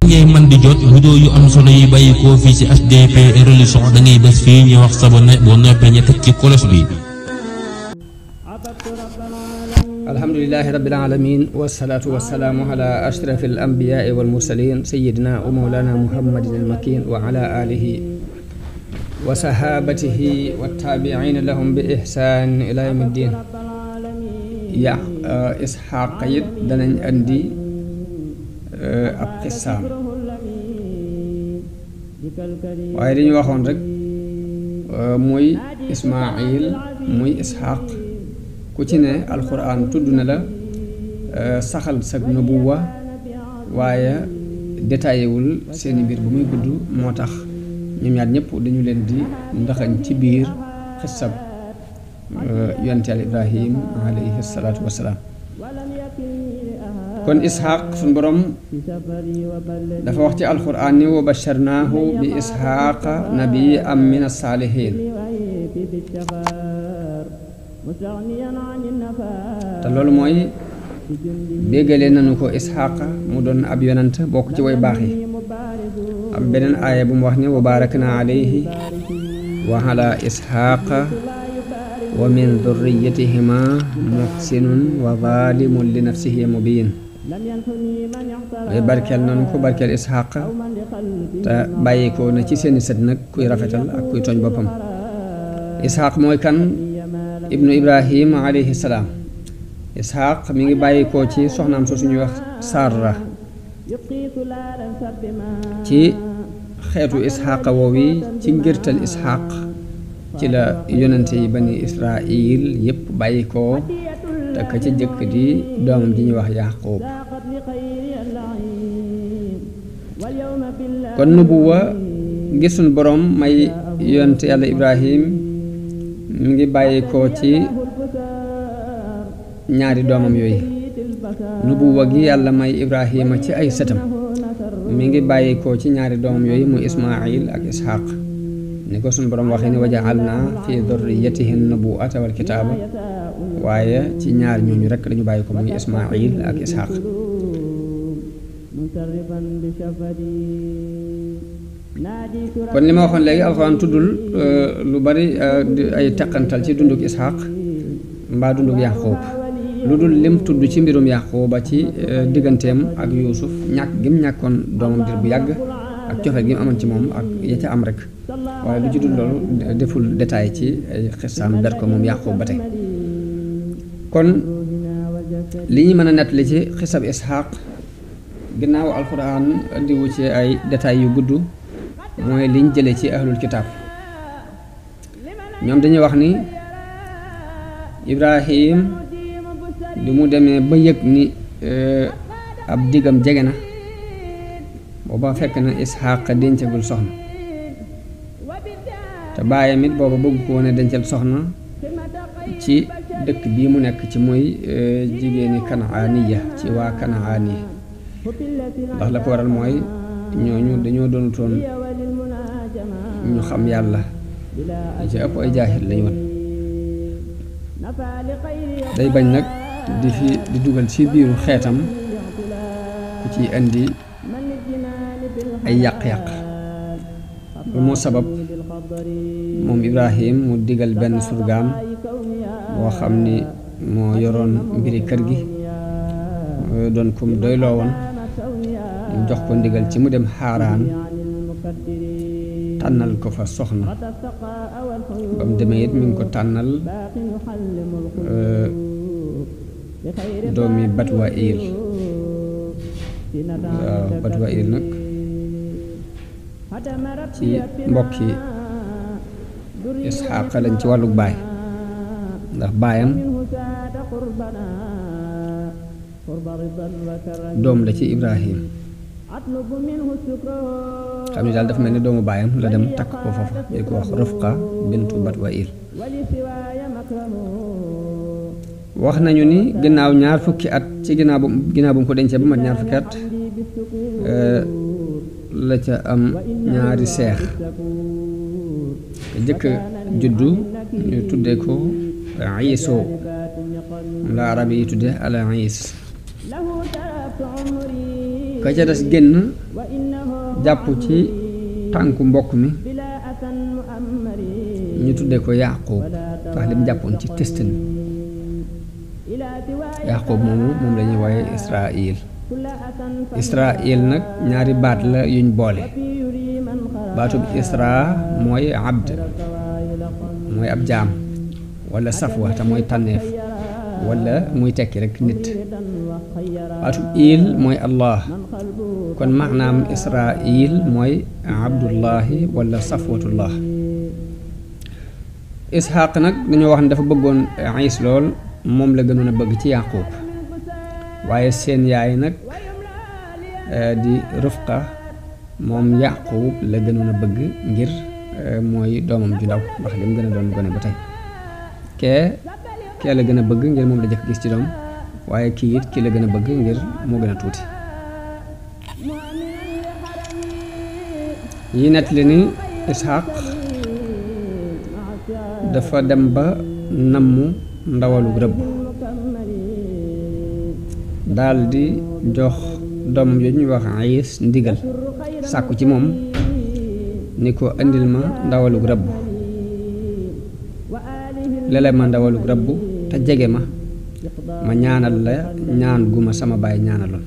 الحمد لله رب العالمين والصلاة والسلام على أشرف الأنبياء والمرسلين سيدنا ومولانا محمد المكين وعلى آله وصحابته والتابعين لهم بإحسان إلى يوم الدين يا إسحاق قيد دنا أندي Euh, ab xissaam waaye dañu waxoon rek euh, muy ismail muy isxaq ku ci ne alxuraan tudd na la euh, saxal sag nubuwa waaye détaillé seeni mbir bu muy gudd moo tax ñoom ñaar ñëpp dañu leen di ndaxañ ci biir xissab yonent Yàlla Ibrahim alayhi salaatu wassalaam كن إسحاق سن بروم دفا وقتي القرآن وبشرناه بإسحاق أم من الصالحين تلول موي بيغلين نكو إسحاق مدن أبيونانت بوكتي وي باخي أبنين آية بموحني وباركنا عليه وعلى إسحاق ومن ذريتهما محسن وظالم لنفسه مبين waaye barkeel nañ ko barkeel Isxaaq te bàyyikoo na ci seeni set nag kuy rafetal ak kuy tooñ boppam Isxaaq mooy kan ibnu Ibrahim alayhi salaam Isxaaq mi ngi bàyyikoo ci soxnaam soo suñuy wax Saara ci xeetu Isxaaq woow yi ci ngirtal Isxaaq ci la yonente yi bani Israil yépp bàyyikoo te ka jëkk di doomam ji ñuy wax Yaaqub kon nubuwa ngir sunu borom may yonent yàlla ibrahim mu ngi bàyyi ko ci ñaari doomam yooyu nubuwa gi yàlla may ibrahima ci ay sëtam mi ngi bàyyi ko ci ñaari doomam yooyu muy ismail ak ishaq ni ko suñu borom waxee ni wajaal naa fi durriyatihim nubuwata wal kitaaba waaye ci ñaar ñooñu rekk dañu bàyyi ko muy ismail ak ishaq kon li ma waxoon léegi alxuraan tuddul euh, lu bari euh, ay teqantal ci dunduk Isxaaq mbaa dunduk Yaaquub lu dul lim tudd ci mbirum Yaaquuba ci euh, digganteem ak Yuusuf ñàkk gi mu ñàkkoon doomam dir bu yàgg ak cofeel gi amoon ci moom ak ya ca am rek waaye lu ci dul loolu deful détail ci ay xisaam ber moom Yaaquub ba tey kon li ñu mën a nettali ci xisab Isxaaq ginnaaw alxuraan indiwu ci ay détails yu gudd mooy liñ jële ci ahlul kitaab ñoom dañuy wax ni ibrahim li mu demee ba yëg ni eh, ab digam jege na booba fekk na isxaq dencagul soxna te baayam it booba bëgg ko woone dencal soxna ci dëkk bii mu nekk ci muy eh, jigéeni kanaaniya ci waa kanaani ndax la ko waral mooy ñoo ñooñu dañoo doonutoon ñu xam yàlla ci ëpp ay jaaxil lañu day bañ nag di fi di dugal ci biiru xeetam ku ci indi ay yàq-yàq lu moo sabab moom Ibrahim mu digal benn surgaam boo xam ni moo yoroon mbiri kër gi doon kum doyloo woon jox ko ndigal ci mu dem xaaraan tànnal ko fa soxna ba mu demee it mi ngi ko tànnal euh, doom batwa batwa ir nag ci mbokki isxaaqa lañ ci wàllu baay ndax baayam doom la ci ibrahim xam ne daal dafa mel ni doomu baayam la dem takk ko foofa ñu ko wax Rufqa bintu Batwail wax nañu ni ginnaaw ñaar fukki at ci ginnaaw bu ginnaaw bu mu ko dencee ba mat ñaar fukki at eh, la ca am ñaari seex jëkk juddu ñu tudde ko Iiso la arab yi tudde al Iis ka ca des génn jàpp ci tànku mbokk mi ñu tuddee ko Yaaqub ndax lim jàppoon ci testin Yaaqub moomu moom la ñuy wooye Israil nag ñaari baat la yuñ boole baatub Isra mooy abd mooy ab jaam wala safwa te mooy tànneef ولا موي تيكي رك نيت باتو ايل موي الله كون معنى اسرائيل موي عبد الله ولا صفوه الله اسحاق نك دانيو واخ دا فا بغون عيس لول موم لا غنونا بغ تي يعقوب وايي سين ياي نك آه، دي رفقه موم يعقوب لا غنونا بغ غير آه، موي دومم جي داو واخ ليم غنا دون غوني باتاي كي ki la gën a bëgg ngir moom la jëkk gis ci doom waaye kii it ki la gën a bëgg ngir moo gën a tuuti yi nett li ni Isxaaq dafa dem ba nammu ndawalu rëbb daldi jox doom yooyu ñuy wax ayis ndigal sàkku ci moom ni ko indil ma ndawalug rëbb lele ma ndawalug rëbb te jege ma ma ñaanal la ñaan gu ma sama baay ñaanaloon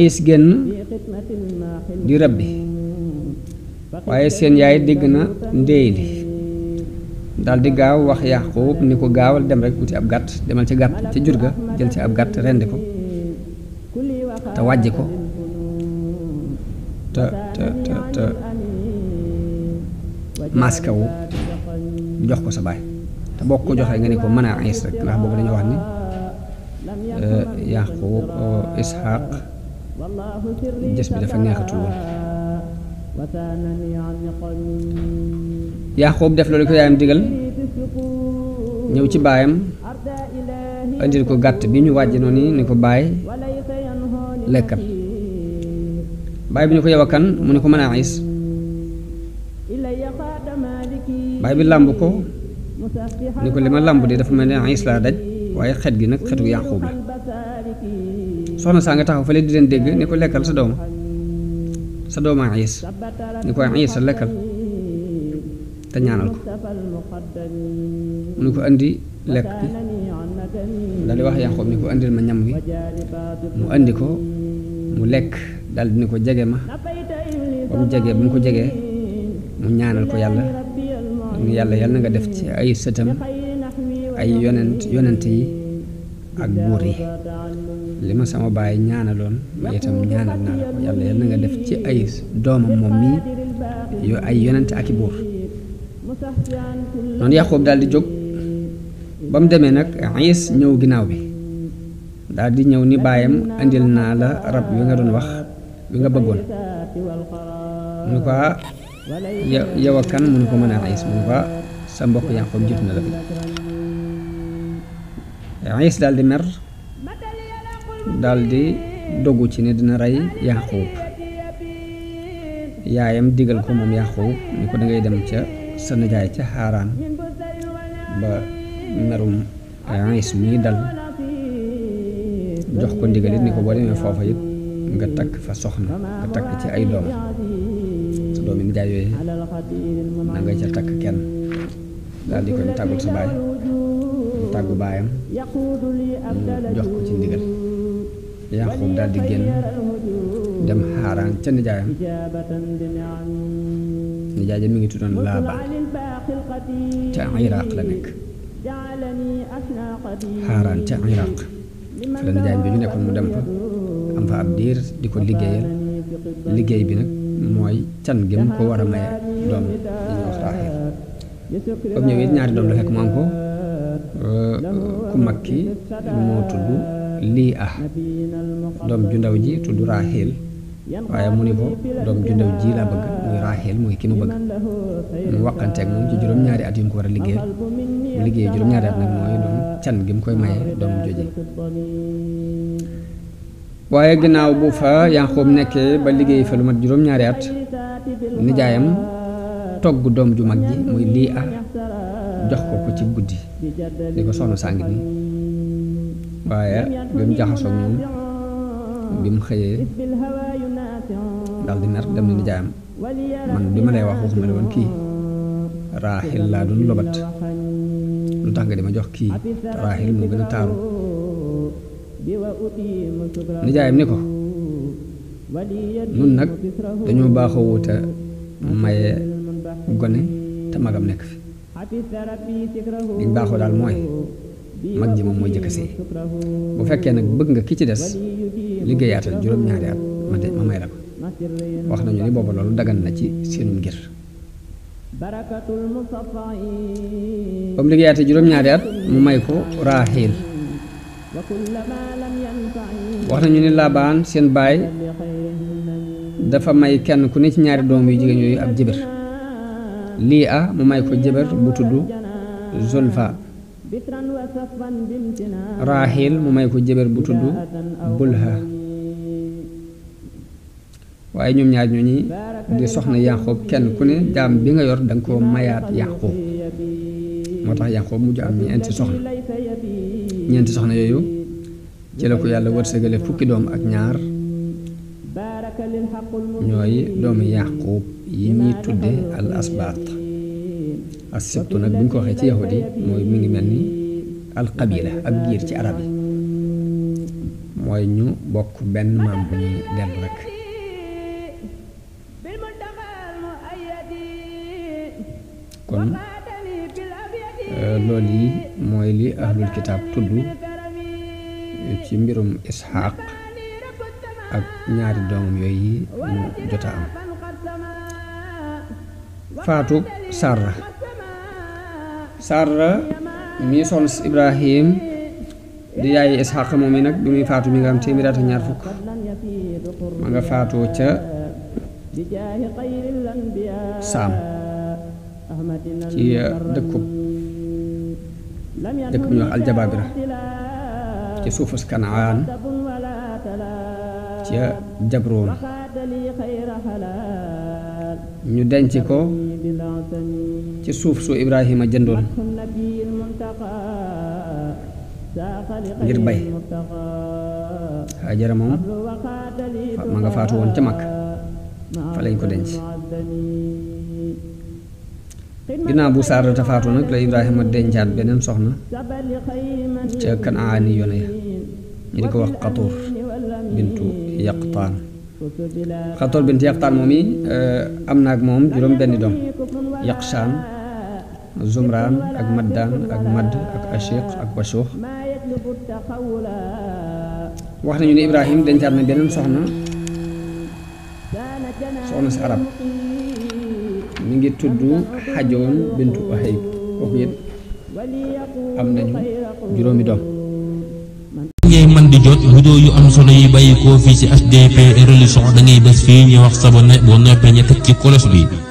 iis génn di rabbi waaye seen yaay dégg na ndéey li daal di gaaw wax yàquub ni ko gaawal dem rek uti ab gàtt demal ci gàtt ci jur ga jël ci ab gàtt rendi ko te wàjji ko te te te te maskawu jox ko sa baay te bokku joxe joxee nga ne ko mana ais rek ndax bobu dañu wax ni euh, yaqub euh, ishaq jess bi dafa neexatul woon yaqub def lolu ko yaam digal ñew ci bayam andil ko gatt bi ñu wajj noni ni ko bay lekkal bay bi ñu ko yewakan mu ne ko mana ais is bi lamb ko ni ko li ma lamb di dafa mel ne Iis laa daj waaye xet gi nag xetu Yaquub la soxna saa nga taxaw fële di leen dégg ni ko lekkal sa dooma sa dooma ais ni ko ais sa lekkal te ñaanal ko ni ko andi lekk bi daal di wax ni ko andil ma ñam wi mu andi ko mu lekk dal ni ko jege ma ba mu jege ba mu ko jegee mu ñaanal ko yàlla yàlla yàlla na nga def ci ay sëtam ay yonent yonent yi ak buur yi li ma sama baay ñaanaloon ma itam ñaanal naa la ko yàlla yàlla na nga def ci ay doomam moom mi yo ay yonent ak i buur noonu Yaxuub daal di jóg ba mu demee nag Iis ñëw ginnaaw bi daldi ñëw ni baayam indil naa la rab wi nga doon wax wi nga bëggoon mu ko ah, yow iya, iya, kan mun ko mën a ayis mun ko sa mbokk yàqob jut na la bi dal di mer dal di dogu ci ne dina ray yaqub yaayam digal ko mom yaqub ni ko da ngay dem ca sa nijaay ca haran ba merum ayis mi dal jox ko ndigal ni ko bo demee fofa yit nga tak fa soxna nga ci ay doom doomi nijaay yooyu na nga ca takk kenn daal di ko ñu tàggul sa baay mu tàggu baayam mu jox ko ci ndigal Yaxub daal di génn dem xaaraan ca nijaayam nijaay ja mi ngi tuddoon Laabaan ca Iraq la nekk xaaraan ca Iraq fa la nijaayam bi ñu nekkoon mu dem fa am fa ab diir di ko liggéeyal liggéey bi nag mooy can gi mu ko war a maye doom yi ko mag ki moo tudd ju ndaw ji tudd raaxil waaye mu ni ko doom ju ndaw ji laa bëgg muy raaxil muy ki ma bëgg mu waqanteeg moom ci juróom-ñaari at yu mu ko war a liggéeyal mu liggéeyee juróom-ñaari at mooy doon can gi mu koy maye doom joji waye ginaaw bu fa Yanqoob nekké ba liggéey fa lu mat juroom ñaari at jaayam togg doom ju mag gi muy li a jox ko ko ci guddi ni ko sonu sang ni bi mu jaxasoog moom bi dal di mer dem ni jaayam man bima lay wax waxuma won ki rahil la dun lobat lu tax nga di ma jox ki rahil gëna nijaayam ni ko nun nag dañoo baaxoo wuta maye gone te magam nekk fi liñ baaxoo daal mooy mag ji moom mooy jëkk bu fekkee nag bëgg nga ki ci des liggéeyaatal juróom-ñaari at ma may la ko wax nañu ni booba loolu dagan na ci seenum ngir ba mu liggéeyaate juróom-ñaari at mu may ko raaxiil wax nañu ne laabaan seen baay dafa may kenn ku ne ci ñaari doom yu jigéen yooyu ab jëbër lii a ah, mu may ko jëbër bu tudd zulfa raaxil mu may ko jëbër bu tudd bulha waaye ñoom ñaar ñu ñi di soxna yàqoob kenn ku ne jaam bi nga yor danga ko mayaat yàqoob moo tax yàqoob mujj am ñeenti soxna ñent soxna yoyu ci la ko yalla wërsegalé fukki doom ak ñaar ñoy dom yaqub yi ñuy al asbat as nak buñ ko waxé ci yahudi moy mi ngi melni al qabila ak giir ci arab moy ñu bokk ben maam bu rek kon Loli yi mooy li ahlul kitaab tudd ci mbirum ishaq ak ñaari doomam yooyu mu jota am faatu sarra sarra mi son ibrahim di yaayi ishaq moom mi nag bi muy faatu mi nga am téeméer ak ñaar fukk ma nga faatoo ca saam ci uh, dëkkub dëkk bu ñuy wax aljabaabira ca suufus kanaan ca jabroon ñu denc ko ci suuf su Ibrahima jëndoon ngir bay Hajara moom ma nga faatu woon ca Makka fa lañ ko denc ginnaaw bu saara tafaatu nag la Ibrahima dencaat beneen soxna ca kanaani yone ya di ko wax xatoor bintu yaqtaan xatoor bintu yaqtaan moom yi eh, am na ak moom juróom benni doom yaqshaan zumraan ak maddaan ak madd ak ashiq ak washuux wax nañu ne Ibrahima dencaat na beneen soxna soxna si arab mi ngi tudd xajoon bintu Wahayb kooku it am juróomi doom ngay man di jot vidéo yu am solo yi bàyyi koo ci HDP religion da ngay bés fii ñu wax abonné boo noppee ñu teg ci cloche bi